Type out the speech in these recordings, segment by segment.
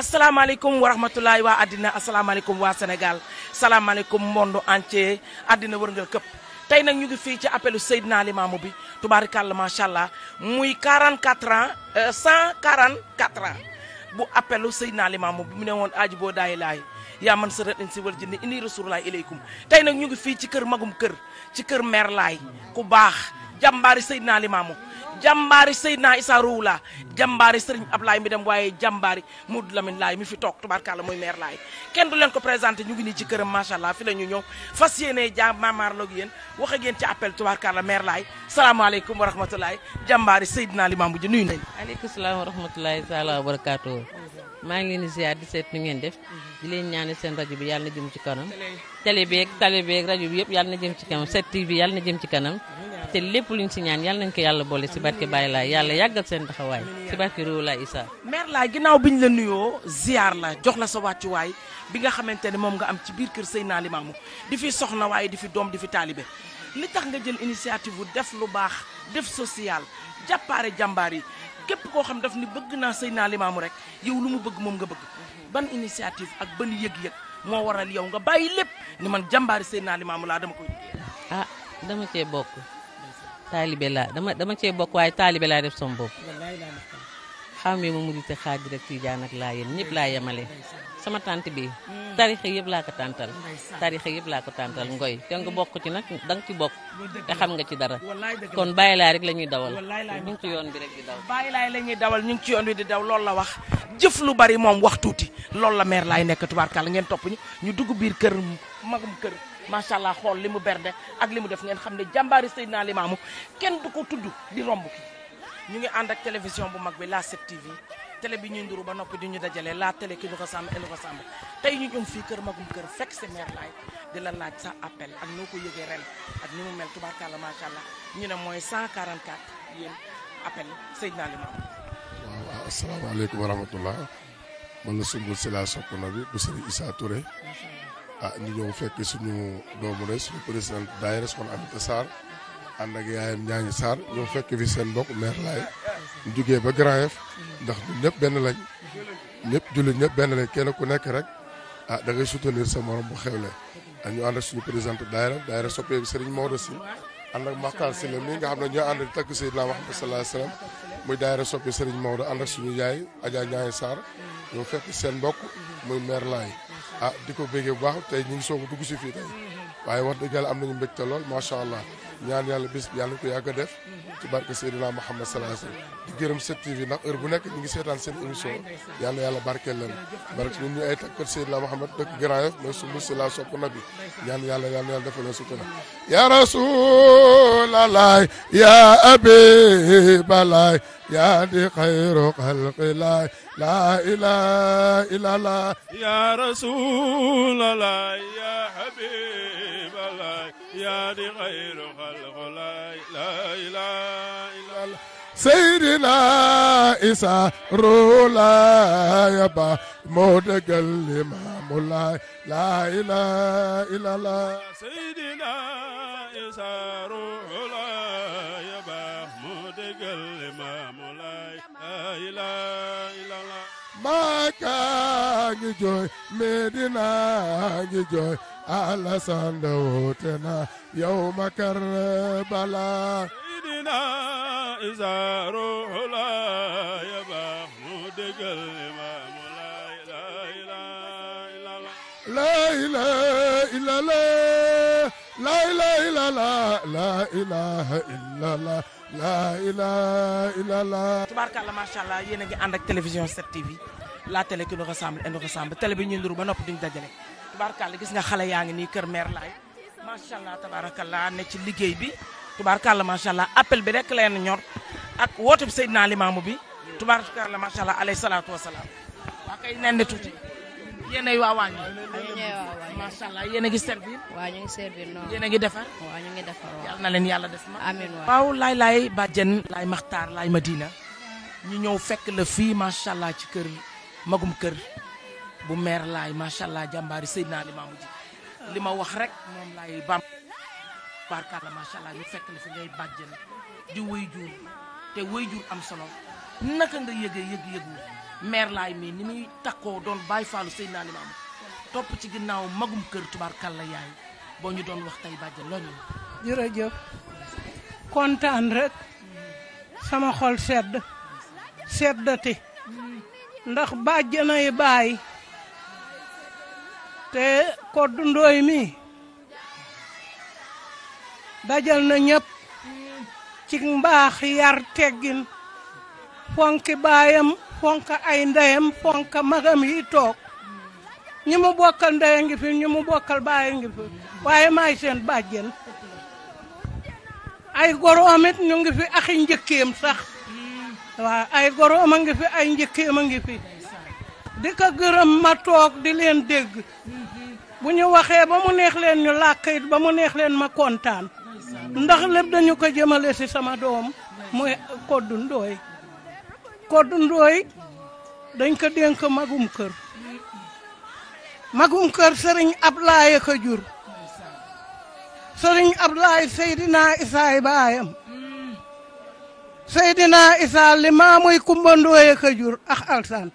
asalaamaaleykum wa rahmatulahi waa àddina asalaamaaleykum waa Sénégal salaamaaleykum monde entier àddina wërngal këpp tey nag ñu ngi fii ci naa Seydina Limaamu bi tubaarikàlla macha allah muy 44 ans 144 euh, ans bu appelu Seydina Limaamu bi mu ne woon aaji boo daay laay yaa man sa rët si wal jinni inni rasulullah ilaykum tey nag ñu ngi fii ci kër magum kër ci kër meer laay ku baax jàmbaari Seydina Limaamu jàmbaari Seydina Issa Rouhou Laye jàmbaari Serigne Ablaye mi dem waaye jàmbaari Modou Lamine Laye mi fi toog tubaarkàlla muy maire Laye kenn du leen ko présenté ñu ngi nii ci këram macha allah fi la ñu ñëw fas yéene ja maamaarloog yéen wax ak yéen ci appel tubaarkàlla maire Laye salaamaaleykum wa rahmatulahi jàmbaari Seydina Limamou Dia nuyu nañu. aleykum salaam wa rahmatulahi taala wa barakaatu. maa ngi leen di ziar seet nu ngeen def. leen ñaanal seen rajo bi yàlla na jëm ci kanam. télé beeg télé beeg yëpp yàlla na jëm ci kanam set TV yàlla na jëm ci kanam te lépp luñ ci ñaan yal nañ ko yàlla boole ci barke Baye Laye yàlla yàggal seen taxawaay ci barke Rouhou Laye Issa. mère Laye ginnaaw bi ñu la nuyoo ziar la jox la sa wàccuwaay bi nga xamante ne moom nga am ci biir kër Seydina Limamou di fi soxna waaye di fi doom di fi taalibe li tax nga jël initiative bu def lu baax def social jàppaare jàmbaar yi képp koo xam daf ni bëgg naa Seydina Limamou rek yow lu mu bëgg moom nga bëgg. ban initiative ak ban yëg-yëg moo waral yow nga bàyyi lépp ni man jàmbaari Seydina Limamou laa dama koy. ah dama cee taalibe laa dama dama cee bokk waaye taalibe laa def sama bopp xamee ma murit xaadir ak tiijaan ak laa yéen ñëpp laa yemale sama tànt bi mm. tarixa yëpp laa ko tàntal tarixa yëpp laa ko tàntal ngoy te nga bokk ci nag da nga ci bokk te xam nga ci dara kon bàyyi laay rek la ñuy dawal ñu ngi ci yoon bi rek di daw bàyyi laay la ñuy ñu ngi ci yoon bi di daw loolu la wax jëf lu bari moom wax tuuti loolu la meer laay nekk tubaarkàlla ngeen topp ñu ñu dugg biir kër magum kër macha allah xool li mu berde ak li mu def ngeen xam ne jàmbaari Seydina Limaamu kenn du ko tudd di romb ñu ngi ànd ak télévision bu mag bi laa 7TV télé bi ñuy nduru ba noppi di ñu dajale laa télé ki lu ko sàmm elu ko sàmm tey ñu ñëw fii kër magum kër fekk si maire laay di la laaj sa appel ak noo ko yëgee ren ak ni mu mel tubaarkàlla macha allah ñu ne mooy 144 yéen appel Seydina Limaamu. waaw asalaamaaleykum wa rahmatullah man la sumbul si laa sopp na bi bu Serigne Issa ah ñu ñëw fekk suñu doomu rek suñu président daayira soxna Amita Sarr ànd ak yaayam ñaañi Sarr ñoo fekk fi seen mbokk maire laay ñu ba Grand Yoff ñëpp benn lañ ñëpp ñëpp benn lañ kenn ku nekk rek ah da ngay soutenir sa morom bu xewle ak ah, ñu ànd ak suñu président daayira daayira soppeeku Serigne Maodo si ànd ak Makhtar Sylla mi nga xam ne ñoo ànd di takk Seydina Muhammad sallallahu alayhi wasallam muy daayira Maodo ànd suñu yaay Adja ñaañi Sarr ñoo fekk seen mbokk muy maire laay ah di ko béggee bu baax tey ñu ngi soog a dugg si fii tey waaye wax dëgg yàlla am nañu mbégte lool macha allah ñaan yàlla bis bi yàlla ñu ko yàgg a def ci barke Seydina Mouhamed sallallahu di gërëm 7TV ndax heure bu nekk ñu ngi seetaan seen émission yàlla yàlla barkeel leen barke ñun ñu ay takkat Seydina Mouhamed dëkk Grand Yoff mais ya abi balay يا دي خير خلق لا لا إله إلا الله يا رسول الله يا حبيب الله يا دي خير خلق لا لا إله إلا الله سيدنا إسا رولا يبا مودق الإمام لا لا إله إلا الله سيدنا إسا رولا ilaha illallah Maka ngi jooy Medina ngi jooy Alasanda woote na yow ma Karbala Medina isaaro la ya baax mu déggal imaamu la ilaha illallah La ilaha illallah La ilaha illallah La ilaha illallah laa ilaaha illallaah. tubaarkàlla macha allah yéen a ngi ànd ak télévision 7TV la télé qui nous ressemble et nous ressemble bi ñu ndur ba noppi duñ dajale. tubaarkàlla gis nga xale yaa ngi nii Kër Mère Laye macha allah tabaarakallah ne ci liggéey bi tubaarkàlla macha allah appel bi rek leen ñor ak wootub Seydina Limaamu bi tubaarkàlla macha allah aleyhi salaatu wa salaam waa kay nen tuuti. yéenay waa waañ macha allah yéen a ngi servir. waaw ñu ngi servir noonu. yéen a ngi defar. waaw ngi defar waaw. na leen yàlla def ma. amiin waay laay laay bàjjen. laay maxtaar laay madina. ñu ñëw fekk la fii macha allah ci kër magum kër bu meer laay macha allah jàmbaari Seydina Limaamu ji li ma wax rek moom laay bam barkaala macha allah ñu fekk la fi ngay bàjjen di wéy te wéy am solo naka nga yëgee yëg-yëgu. mère laay ni muy takkoo doon bàyyi faalu sëy naa topp ci ginnaaw magum kër tubaarkàlla yaay boo ñu doon wax tey bàjja loñu jërëjëf kontaan rek sama xol sedd seddati ndax bàjjanay baay te koddu mi dajal na ñëpp ci mbaax yar teggin fonki baayam fonk ay ndeyam fonk magam yi toog ñi mu bokkal ndey ngi ñi mu bokkal baay ngi fi waaye maay seen bàjjen ay goroom it ñu ngi axi njëkkeem sax waaw ay goroom a ngi fi ay njëkkeem a ngi di ko gërëm ma toog di leen dégg bu ñu waxee ba mu neex leen ñu làkk ba mu neex leen ma kontaan ndax lépp dañu ko jëmale si sama doom muy koddu ndooy Codou Ndoye dañ ko dénk magum kër magum kër sëriñ Ablaye ko jur sëriñ Ablaye Seydina Isaay baayam Seydina Isaa li maamuy Kumba Ndoye jur ak Alsaan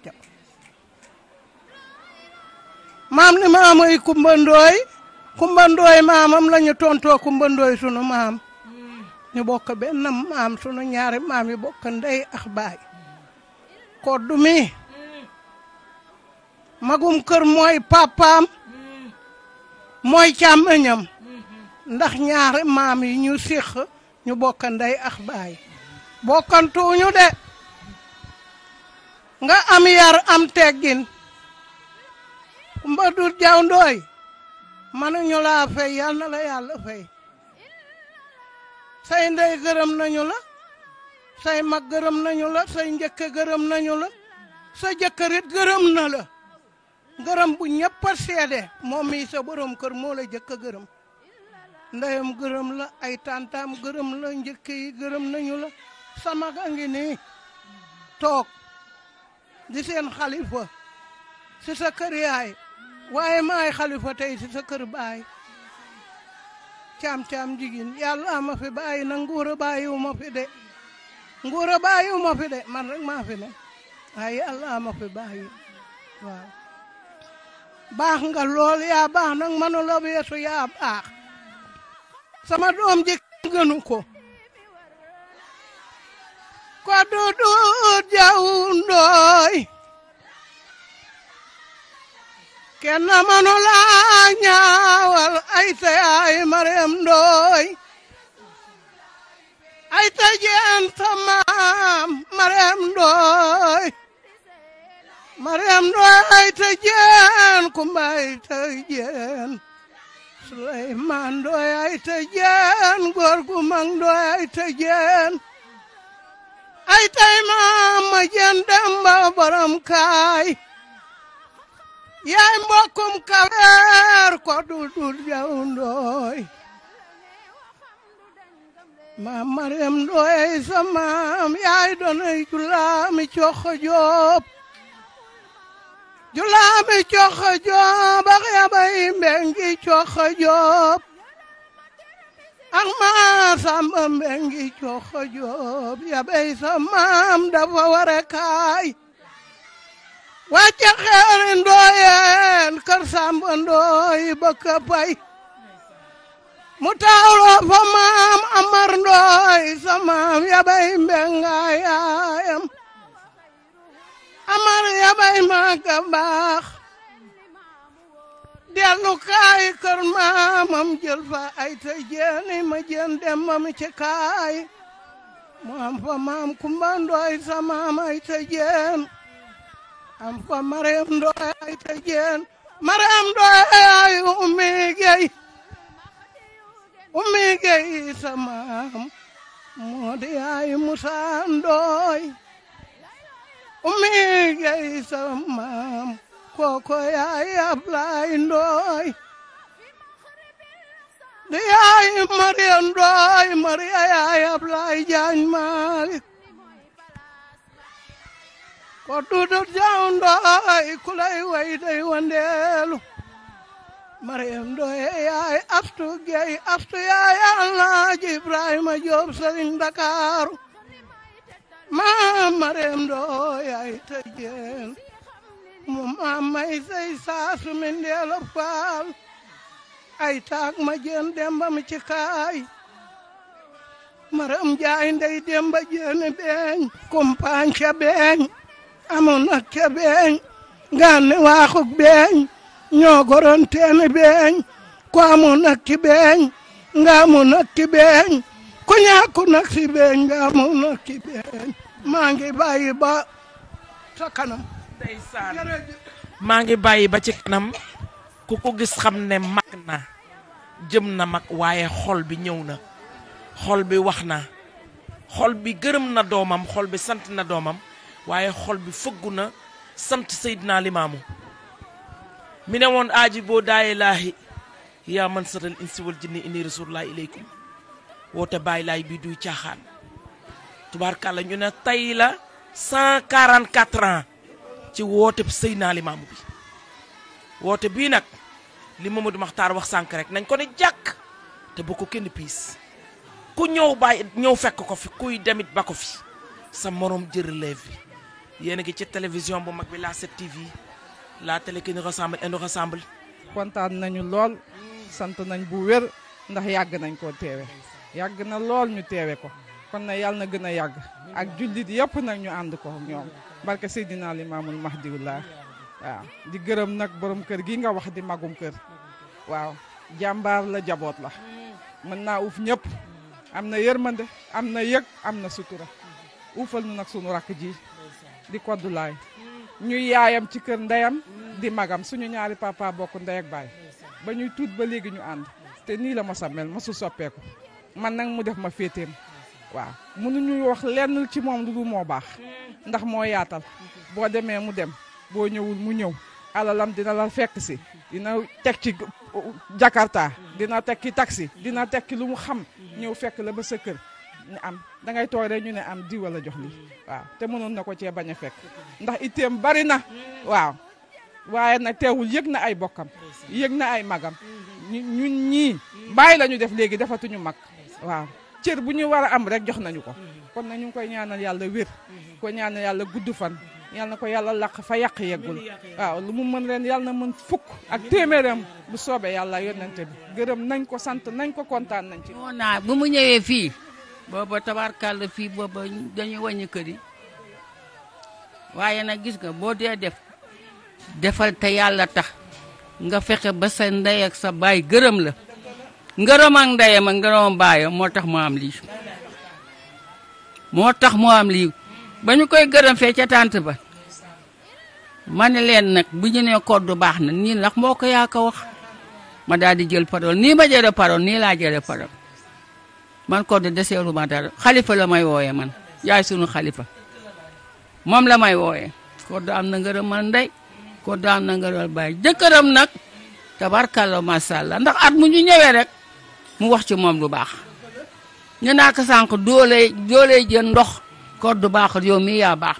maam ni maamuy Kumba Ndoye Kumba Ndoye maamam la ñu tontoo Kumba Ndoye sunu maam ñu bokk benn maam sunu ñaari maam yi bokk ndey ak baay ko dumi magum kër mooy papaam mooy càmmiñam ndax ñaari maam yi ñu séq ñu bokk ndey ak baay bokkantuuñu de nga am yar am teggin mba dut jaw ndooy mënuñu laa fay yal na la yàlla fay say ndey gërëm nañu la say mag gërëm nañu la say njëkk gërëm nañu la sa jëkkërit gërëm na la gërëm bu ñëpp seede moom mii sa borom kër moo la jëkk a gërëm ndeyam gërëm la ay tantaam gërëm la njëkk gërëm nañu la sa mag a ngi nii toog di seen xalifa si sa kër yaay waaye maay xalifa tey si sa baay caam-caam jigéen yàlla ama fi bàyyi na nguur a fi de nguura bàyyiwu ma fi de man rek ne waaye allah ma fi bàyyi nga lool yaa baax nag manu la yaa baax sama doom ji gënu ko ko dudu jaw ndooy manu la ñaawal ay te ay mariam ay tajanta maam Mareem Ndooy Mareem Ndooy ay tajeen Kumba ay tajeen Suleymaan Ndooy ay tajeen góor gu mag Ndooy ay tajeen ay tay maam ma jeen Demba borom kaay yaay mbokkum kaweer ko dul dul jaw Ndooy maam Mariam Ndoye sa maam yaay doonay julaami coxo joob julaami coxo joob ak yabay mbengi coxo joob ak maa samba mbengi coxo joob yabay sa maam dafa wara kaay wàcca xeeri ndooyeen kër samba ndooy ba pay mu taawlo fa maam amar ndooy sa maam yabay mbenga yaayam amar yabay maaka baax dellu kaay kër maamam jël fa ay ta jeeni ma jeen ci kaay mu am fa maam kumba ndooy sa maam ay ta am fa mareem ndooy ay ta jeen mareem ay ummi gey ummi gey samaam moo di yaay Musaa Ndooy ummi gey samaam kooko yaay Ablaay Ndooy di yaay Maria Ndooy Maria yaay Ablaay Jaañ Maalik ko duudut jaw Ndooy ku lay way wandeelu Mariam Ndoye yaay Astu Gey Astu yaay Alaaji Ibrahima Joob Dakaaru maam Mariam Ndoye yaay tëjeen mu maam may sey saasu mi ndeela faal ay taak ma jeen demba mi ci kaay Mariam Njaay ndey demba jeene beeñ kumpaañ ca beeñ amoon ak ca beeñ gaanne waaxuk beeñ ñoogoron teene beeñ ko amoon ak ki beeñ nga amoon ak ki beeñ ko ñaakoon ak si beeñ nga amoon ak ki beeñ maa ngi bàyyi ba sa kanam ndeysaan maa ngi bàyyi ba ci kanam ku ko gis xam ne mag na jëm na mag waaye xol bi ñëw na xol bi wax naa xol bi gërëm na doomam xol bi sant na doomam waaye xol bi fëggu na sant Seydina Limaamu mu ne woon aaji boo daaye laahi yaa man satal insi wal jinni inni rasulullahi ilaykum woote bàyyi laay bi duy caaxaan tubaarkàlla ñu ne tey la 144 ans ci woote Seydina Limaamu bi woote bii nag li Mamadou Makhtar wax sànq rek nañ ko ne jàkk te bu ko kenn piis ku ñëw bàyyi ñëw fekk ko fi kuy demit ba ko fi sa moroom jër relève bi yéen a ci télévision bu mag bi la 7TV la télé qui nous ressemble kontaan nañu lool sant nañ bu wér ndax yàgg nañ koo teewe yàgg na lool ñu teewe ko kon na yàlla na gën a yàgg ak jullit yëpp nag ñu ànd ko ñoom barke naa Limaamul Mahdiwullah waaw di gërëm nag borom kër gi nga wax di magum kër waaw jàmbaar la jaboot la mën naa uuf ñëpp am na yërmande am na yëg am na sutura uufal nu nag sunu rakk ji di koddulaay ñuy yaayam ci kër ndeyam di magam suñu ñaari papa bokk ndey ak baay ba ñuy tuut ba léegi ñu ànd te nii la mos a mel mosul soppeeku man nag mu def ma féeteem waaw mënuñu wax lenn ci moom lu dul moo baax ndax moo yaatal boo demee mu dem boo ñëwul mu ñëw alalam dina la fekk si dina teg ci jakarta dina tekki ci taxi dina tekki lu mu xam ñëw fekk la ba sa ne am dangay toog rek ñu ne am diwa walla jox li waaw te mënoon na ko cee bañ a fekk ndax iteem bari na waaw waaye na teewul yëg na ay bokkam yëg na ay magam ñun ñii bàyyi la ñu def léegi defatuñu mag waaw cër bu ñu war a am rek jox nañu ko kon nag ñu koy ñaanal yàlla wér ko ñaanal yàlla gudd fan yàlla na ko yàlla làq fa yàq yeggul waaw lu mu mën leen yàlla na mën fukk ak téeméeram bu soobee yàlla yónnante bi gërëm nañ ko sant nañ ko kontaan nañ ci. moo naa bu mu ñëwee fii. booba tabaarkàlla fii booba dañu wàññi kër waaye nag gis nga boo dee def defal te yàlla tax nga fexe ba sa ndey ak sa baay gërëm la ngërëm ak ndeyam ak ngërëm baayam moo tax mu am lii moo tax mu am lii ba ñu koy gërëm fee ca tant ba ma ne leen nag bu ñu nee kodd baax na nii ndax moo ko yaa ko wax ma daal di jël parole nii ma jëlee parole nii laa jëlee parole man kod deseeru ma dara xalifa la may wooye man yaay sunu xalifa moom la may wooyee Korda am na ngërëm man ndey Korda am na ngërëm baay jëkkëram nag tabarkalla macha allah ndax at mu ñu ñëwee rek mu wax ci moom lu baax ñu naaka sànq doole doole jën ndox Korda baaxul yow mii baax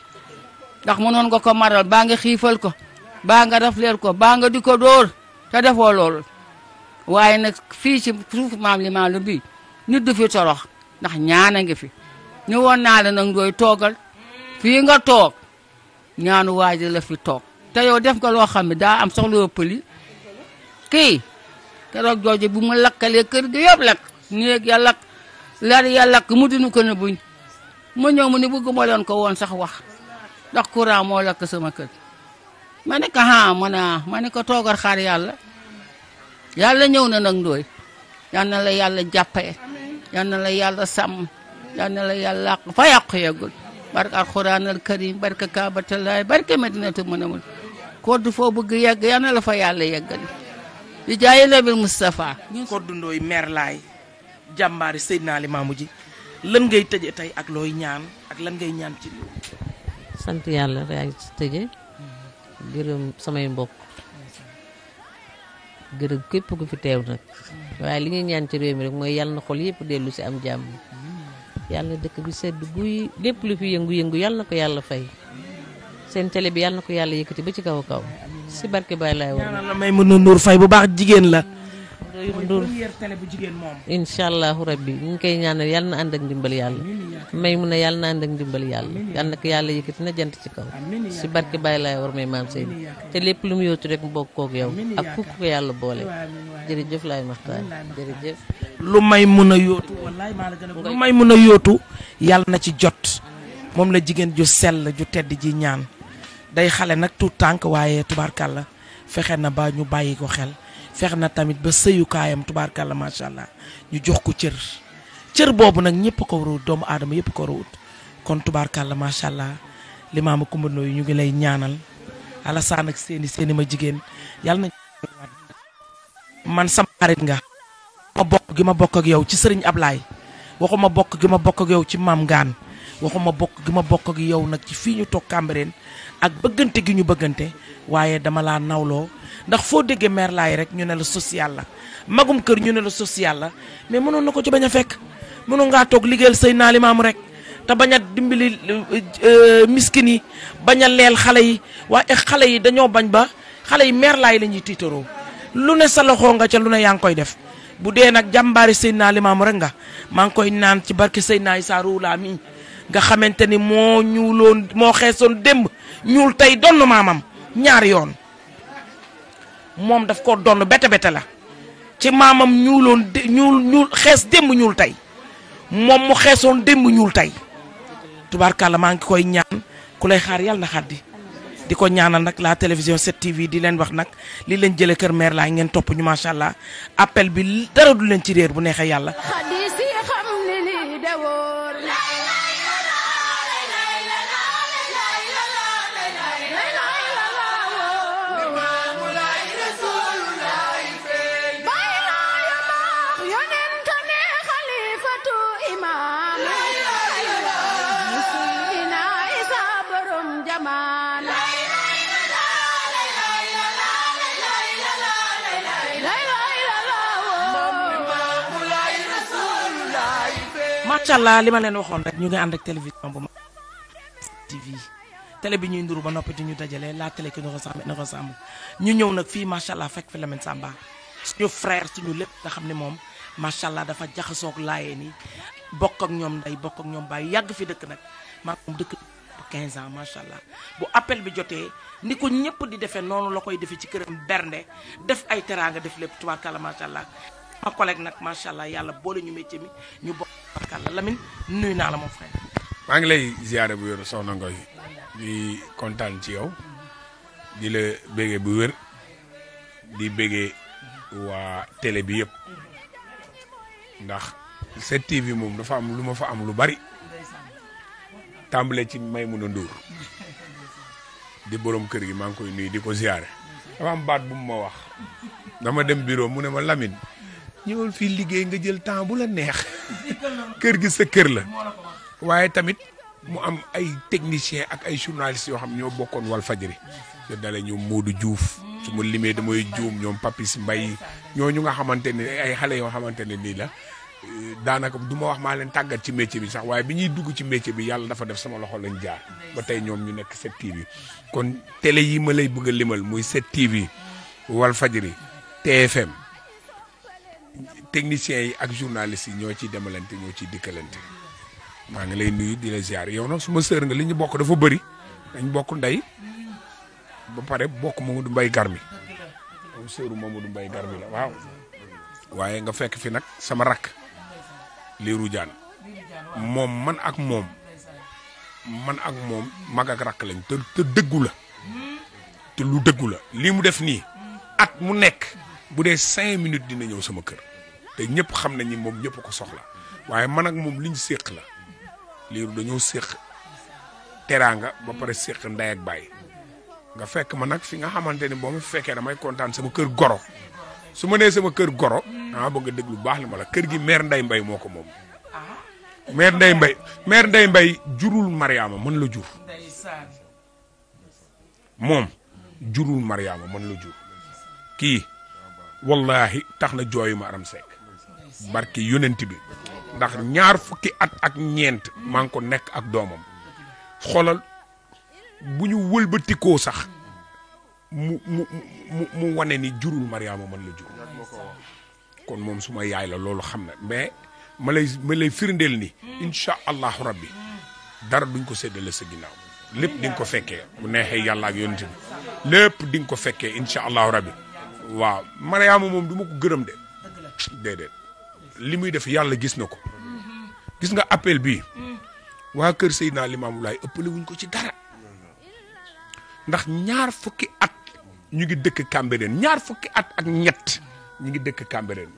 ndax mënoon nga ko maral baa nga xiifal ko baa nga rafleer ko baa nga di ko dóor te defoo loolu waaye nag fii ci suuf maam li maa nit du fi torox ndax ñaan ngi fi ñu woon naa la nag dooy toogal fii nga toog ñaanu waaji la fi toog te yow def nga loo xam ne daa am soxla yoo pëli kii keroog jooju bu mu lakkalee kër gi yëpp lakk néeg ya lakk lar ya lakk mu dinu ko ne buñ ma ñëw mu ne bëgguma leen ko woon sax wax ndax kura moo lakk sama kër ma ne ko ah ma ne ah ma ne ko toogal xaar yàlla yàlla ñëw na nag ndooy yal na la yàlla jàppee yal na la yàlla sàmm yal na la yàlla làq fa yàqu yeggul barke alxuraan al karim barke kaabatullaay barke madinatu munawwar kodd foo bëgg yegg yal na la fa yàlla yeggali di jaayi nabil Moustapha. Codé Ndoye maire laay jàmbaari Seydina Limaamu ji lan ngay tëje tey ak looy ñaan ak lan ngay ñaan ci réew sant yàlla yaa ngi ci tëje gërëm samay mbokk gërëm képp ku fi teew nag waaye li ñuy ñaan ci réew mi rek mooy yàlla na xol yëpp dellu si am jàmm yàlla na dëkk bi sedd guy lépp lu fi yëngu-yëngu yal na ko yàlla fay seen télé bi yàlla na ko yàlla yëkkati ba ci kaw a kaw si barke Baay laay wax. may mën a nuur fay bu baax jigéen la. Ndour incha allahu rabbi ñu ngi koy ñaanal yàlla na ànd ak ndimbal yàlla may mu ne yàlla na ànd ak ndimbal yàlla yàlla na ko yàlla yëkkati na jant ci kaw si barke Baye laay war may maam Seydi te lépp lu mu yóotu rek mbokk kook yow ak ku ko yàlla boole jërëjëf laay maxtaan jërëjëf lu may mun a yóotu lu may mun a yootu yàlla na ci jot moom la jigéen ju sell ju tedd ji ñaan day xale nag tout tànk waaye tubaarkàlla fexe na ba ñu bàyyi ko xel fex na tamit ba sëyukaayam tubaarkàlla macha allah ñu jox ko cër cër boobu nag ñëpp ko war doomu aadama yëpp ko war a wut kon tubaarkàlla macha allah limaama Kumba Ndoye ñu ngi lay ñaanal Alassane ak seeni seeni ma jigéen yàlla nañ man sama xarit nga ma bokk gi ma bokk ak yow ci sëriñ Ablaay waxuma bokk gi ma bokk ak yow ci maam Ngaan waxuma bokk gi ma bokk ak yow nag ci fii ñu toog Cambérène ak bëggante gi ñu bëggante waaye dama laa nawloo ndax foo déggee mère laay rek ñu ne la social la magum kër ñu ne la social la mais mënoon na ko ci bañ a fekk mënoon ngaa toog liggéeyal say naali maam rek te bañ a dimbali euh, miskin yi bañ a leel xale yi waaye xale yi dañoo bañ ba xale yi mère laay la ñuy tiitaroo lu ne sa loxoo nga ca lu ne yaa ngi koy def bu dee nag jàmbaari Seydina Limaamu rek nga maa ngi koy naan ci barke Seydina Issa Rouhou Lahi nga xamante ni moo ñuuloon moo xeesoon démb ñuul tey donn maamam ñaari yoon moom daf ko donn bete bete la ci maamam ñuuloon ñuul ñuul xees démb ñuul tey moom mu xeesoon démb ñuul tey tubaarkàlla maa ngi koy ñaan ku lay xaar yàlla na xaddi di ko ñaanal nag la télévision 7TV di leen wax nag li leen jëlee kër mère laay ngeen topp ñu macha allah appel bi dara du leen ci réer bu neexee yàlla. incha allah li ma leen waxoon rek ñu ngi ànd ak télévision bu ma TV tele bi ñuy nduru ba noppi di ñu dajale la télé qui nous ressemble nous ressemble ñu ñëw nag fii macha allah fekk fi Lamine Samba suñu frère suñu lépp nga xam ne moom macha allah dafa jaxasoog laayee ni bokk ak ñoom nday bokk ak ñoom bàyyi yàgg fi dëkk nag maa dëkk 15 ans macha allah bu appel bi jotee ni ko ñëpp di defee noonu la koy defee ci këram bernde def ay teraanga def lépp tubaarkalla macha allah ma allah yàlla boole ñu métier mi ñu bokk tabarkàlla Lamine nuyu maa ngi lay ziare bu wér soxna Ngoy di kontaan ci yow di la bége bu wér di bége waa télé bi yépp ndax 7TV moom dafa am lu ma fa am lu bari tàmbale ci Maimouna Ndour di borom kër gi maa ngi koy nuyu di ko ziare dafa am baat bu mu ma wax dama dem bureau mu ne ma Lamine. ñëwal fii liggéey nga jël temps bu la neex kër gi sa kër la waaye tamit mu am ay technicien ak ay journalistes yoo xam ñoo bokkoon wal fajri ñu dale ñoom muudu juuf su ma limee damay juum ñoom Papis ñoo ñu nga xamante ni ay xale yoo xamante ne nii la daanaka du ma wax maa leen tàggat ci métier bi sax waaye bi ñuy dugg ci métier bi yàlla dafa def sama loxo lañ jaar ba tey ñoom ñu nekk 7TV kon télé yi ma lay bëgg a limal muy 7TV wal faj fajri TFM techniciens yi ak journalistes yi ñoo ciy demalante ñoo ci dikkalante maa ngi lay nuyu di la ziar yow nag suma sœur nga li ñu bokk dafa bëri dañ bokk ndey ba pare bokk Mamadou Mbaye Garmi moom sœuru Mamadou Mbaye Garmi la waaw waaye nga fekk fi nag sama rakk Lirou Diane moom man ak moom man ak moom mag ak rakk lañ te dëggu la te lu dëggu la lii mu def nii at mu nekk bu dee cinq minutes dina ñëw sama kër te ñëpp xam nañ ni moom ñëpp ko soxla waaye man ak moom ñu séq la liiru dañoo séq teraanga ba pare séq ndey ak baay nga fekk ma nag fi nga xamante ni boo ma fekkee damay kontaan sama kër goro su ma nee sama kër goro dama bëgg a dégg lu baax li ma la kër gi mère nday mbay moo ko moom mère nday mbay mère nday mbay jurul mariama mën la jur moom jurul mariama mën la jur kii wallahi tax na jooyu ma aram sekk barke yonent bi ndax ñaar fukki at ak ñeent maa ngi nekk ak doomam xoolal bu ñu wëlbatikoo sax mu mu mu mu wane ni jurul Mariama man la jur kon moom suma yaay la loolu xam na mais ma lay ma lay firndeel ni incha allahu rabbi dara duñ ko séddale sa ginnaaw lépp di nga ko fekkee bu neexee yàlla ak yonent bi lépp di nga ko fekkee incha allahu rabbi waaw Mariama moom du ma ko gërëm de déedéet li muy def yàlla gis na ko gis nga appel bi waa kër Seydina Limaamu Laay ëppale wuñ ko ci dara ndax ñaar fukki at ñu ngi dëkk Cambérène ñaar fukki at ak ñett ñu ngi dëkk Cambérène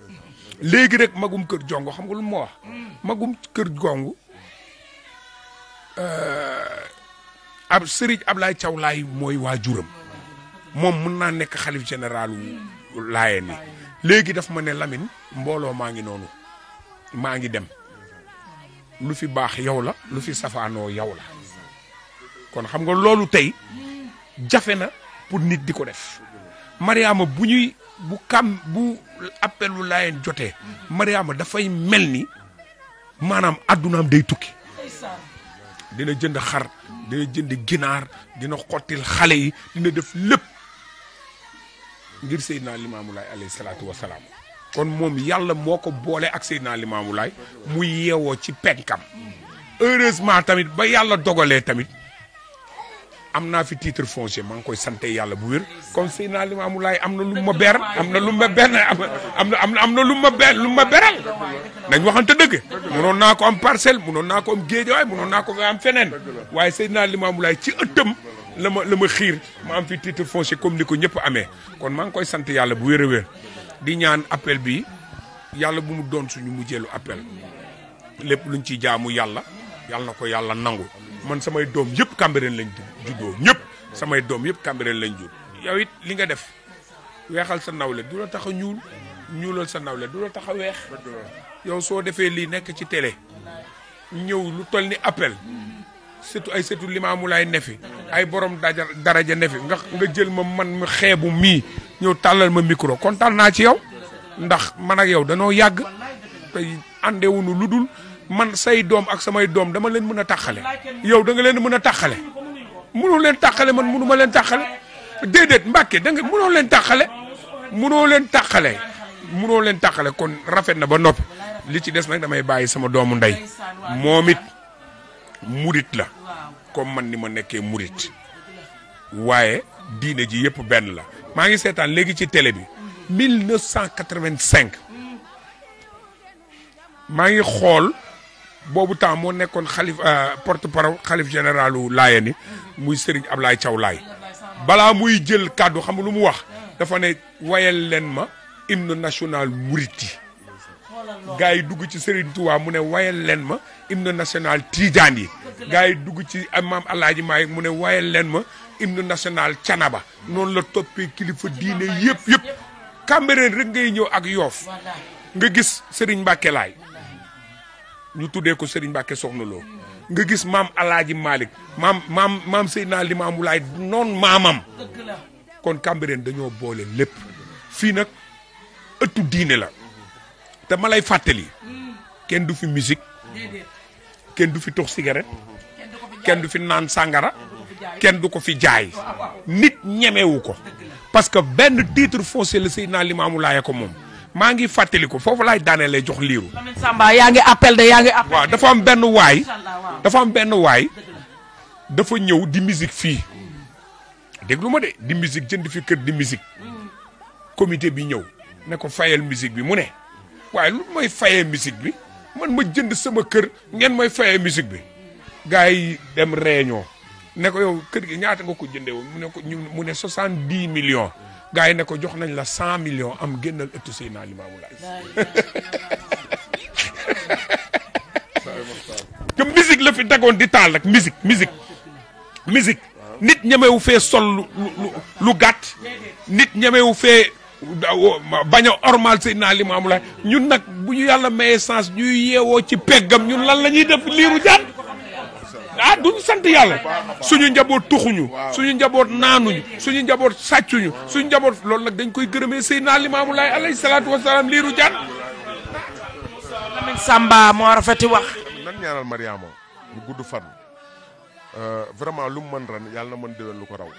léegi rek magum kër jongo xam nga lu ma wax magum kër jongo euh, ab Serigne Ablaye Thiaw Laay mooy waajuram moom mun naa nekk xalif général wu laayeen ni léegi daf ma ne lamin mbooloo maa ngi noonu maa ngi dem lu fi baax yow la lu fi safaanoo yow la kon xam nga loolu tey jafe na pour nit di ko def Mariama bu ñuy bu kam bu appelu laayeen jotee Mariama dafay mel ni maanaam addunaam day tukki dina jënd xar dina jënd ginaar dina xottil xale yi dina def lépp ngir Seydina Limaamu Laay alayhi salaatu salaam kon moom yàlla moo ko boole ak Seydina Limaamu Laay mu yeewoo ci penkam heureusement tamit ba yàlla dogalee tamit am naa fi titre foncier maa ngi koy sante yàlla bu wér comme Seydina Limaamu Laay am na lu ma ber am na lu ma ber am na am na lu ma ber lu ma beral nañ waxante dëgg mënoon naa ko am parcelle noon naa ko am géejawaay mënoon naa ko am feneen waaye Seydina Limaamu Laay ci ëttam la ma la ma xiir ma am fi titre foncier comme ni ko ñëpp amee kon maa ngi koy sant yàlla bu wér wér di ñaan appel bi yàlla bu mu doon suñu mujjeelu appel lépp luñ ci jaamu yàlla yàlla na ko yàlla nangu man samay doom yëpp Cambérène lañ juddoo ñëpp samay doom yëpp Cambérène lañ judd yow it li nga def weexal sa nawle du la tax a ñuul ñuulal sa nawle du la tax a weex yow soo defee lii nekk ci télé ñëw lu toll ni appel surtout ay surtout limaamu laay nefi ay borom daja daraja nefi nga nga jël ma man mu xeebu mii ñëw tàllal ma micro kontaan naa ci yow ndax man ak yow danoo yàgg te àndewunu lu dul man say doom ak samay doom dama leen mën a tàqale yow da nga leen mën a tàqale mënoo leen tàqale man mënu leen tàqale déedéet Mbàkke da nga mënoo leen tàqale mënoo leen tàqale mënoo leen tàqale kon rafet na ba noppi li ci des nag damay bàyyi sama doomu ndey moom it murit la comme man ni ma nekkee murit waaye diine ji yëpp benn la maa ngi seetaan léegi ci télé bi cent cinq maa ngi xool boobu temps moo nekkoon xalif euh, porte parole xalif généralu ni muy Serigne Ablaye Thiaw Laay balaa muy jël kàddu xam lu mu wax dafa ne wayal leen ma hymne national murit yi gars yi dugg ci Serigne Touba mu ne wayal leen ma hymne national Tidiane yi gaa yi dugg ci maam Alaaji Maalik mu ne wayal leen ma hymne national Canaba noonu la toppee kilifa diine yëpp yëpp Cambérène rek ngay ñëw ak yoof nga gis Serigne Mbacke laay ñu tuddee ko Serigne Mbacke soxna loo nga gis maam Alaaji Maalik maam maam maam Seydina Limaamu noon maamam kon Cambérène dañoo boole lépp fii nag ëttu diine la te ma lay fàttali hmm. kenn du fi musique kenn du fi tux cigarette kenn du fi naan sàngara kenn du ko fi jaay nit ñemewu ko parce que benn titre foncier la Seydina Limaamu Laay ko moom maa ngi fàttali ko foofu laay daanee lay jox liiru Samba yaa ngi appel de yaa ngi appel waaw dafa am benn waay dafa am benn waay dafa ñëw di musique fii déglu ma de di musique jënd fi kër di musique mm. comité bi ñëw ne ko fayal musique bi mu ne waaye lu mooy fayee musique bi man ma jënd sama kër ngeen mooy fayee musique bi gars yi dem réunion ne ko yow kër gi ñaata nga ko jëndee woon mu ne ne soixante-dix millions gars yi ne ko jox nañ la cent millions am génnal ëttu Seydina Limaamu Laay que musique la fi dagoon di taal rek musique musique musique nit ñemewu fee sol lu lu gàtt nit ñemewu fee bañ a ormal Seydina Limaamu Laay ñun nag bu ñu yàlla mayee sens ñuy yeewoo ci peggam ñun lan la ñuy def liiru jaan ah duñ sant yàlla suñu njaboot tuxuñu suñu njaboot naanuñu suñu njaboot sàccuñu suñu njaboot loolu nag dañ koy gërëmee Seydina Limaamu Laay alayhi salaatu wasalaam liiru jaan Lamine Samba moo rafeti wax nan ñaanal Mariama mu gudd fan euh, vraiment lu mu mën ren yàlla mën déwén lu ko raw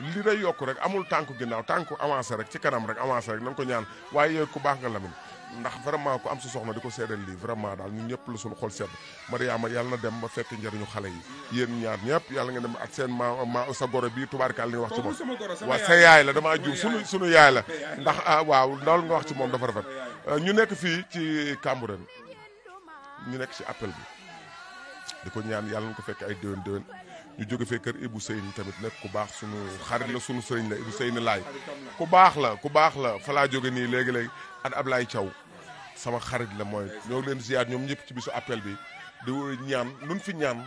li de yokk rek amul tànku ginnaaw tànku avancé rek ci kanam rek avancé rek na ko ñaan waaye ku baax nga Lamine ndax vraiment ku am sa soxna di ko seedal lii vraiment daal ñun ñëpp la suñu xol sedd Mariama yàlla na dem ba fekk njëriñu xale yi yéen ñaan ñëpp yàlla nga dem ak seen ma ma sa goro bi tubaarkaal li nga wax ci moom waaw sa yaay la damaa jur suñu sunu yaay la ndax ah, waaw ndaw nga wax ci moom dafa rafet euh, ñu nekk fii ci Cambérène ñu nekk ci appel bi di ko ñaan yàlla na ko fekk ay déwén déwén ñu jóge fee kër Ibou Seyni tamit nag ku baax sunu xarit la sunu sëriñ la Ibou Seyni laay ku baax la ku baax la fa laa jóge nii léegi léegi ak Ablaye Thiaw sama xarit la mooy ñoo leen ziar ñoom ñëpp ci bisu appel bi di ñaan luñ fi ñaan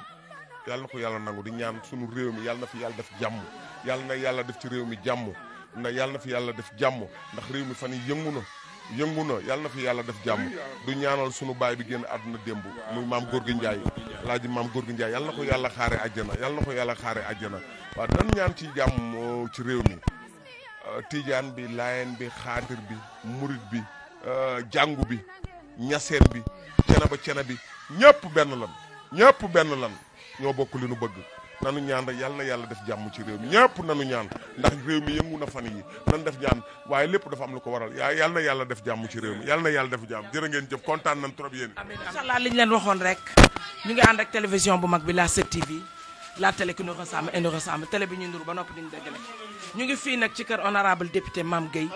yàlla ko yàlla nangu di ñaan sunu réew mi yàlla na fi yàlla def jàmm yàlla na yàlla def ci réew mi jàmm na yàlla fi yàlla def jàmm ndax réew mi fan yi yëngu na yëngu na yàlla yàlla def jàmm du ñaanal sunu baay bi génn àdduna démb muy maam góor gi Njaay laaj maam góor gi Ndiaye yàlla ko yàlla xaare àjjana yàlla na ko yàlla xaare àjjana waa dan ñaan ci jàmm uh, ci réew mi uh, tijaan bi layen bi xaadir bi murit bi uh, jàngu bi ñaseen bi cene ba cene bi ñëpp benn lan ñëpp benn lan ñoo bokk li nu bëgg nanu ñaan rek yàlla na yàlla def jàmm ci réew mi ñëpp nanu ñaan ndax réew mi yëngu na fan yi nan def ñaan waaye lépp dafa am lu ko waral yaa yàlla def jàmm ci réew mi yàlla na yàlla def jàmm jërë ngeen jëf kontaan nañ trop yéen incha allah li leen waxoon rek ñu ngi ànd ak télévision bu mag bi la 7TV la télé qui nous ressemble et a ressemble télé bi ñu nuru ba noppi diñu dëggale ñu ngi fii nag ci kër honorable député maam Gueye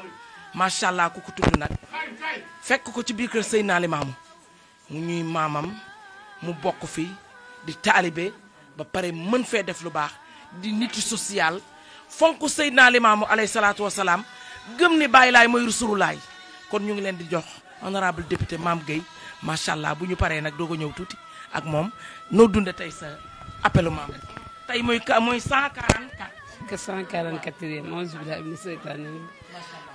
macha allah ku ko tudd nag fekk ko ci biir kër Seydina Limamou ñuy maamam mu bokk fi di taalibe ba pare mën fee def lu baax di nit social fonk Seydina Limaamu alayhi salaatu wa salaam gëm ni bàyyi laay mooy rasululaay kon ñu ngi leen di jox honorable député Mame Gueye macha allah bu ñu paree nag doo ko ñëw tuuti ak moom noo dunde tey sa appelu maam tey mooy ka mooy 144. 144 auzu billaahi mina seytaani rajiim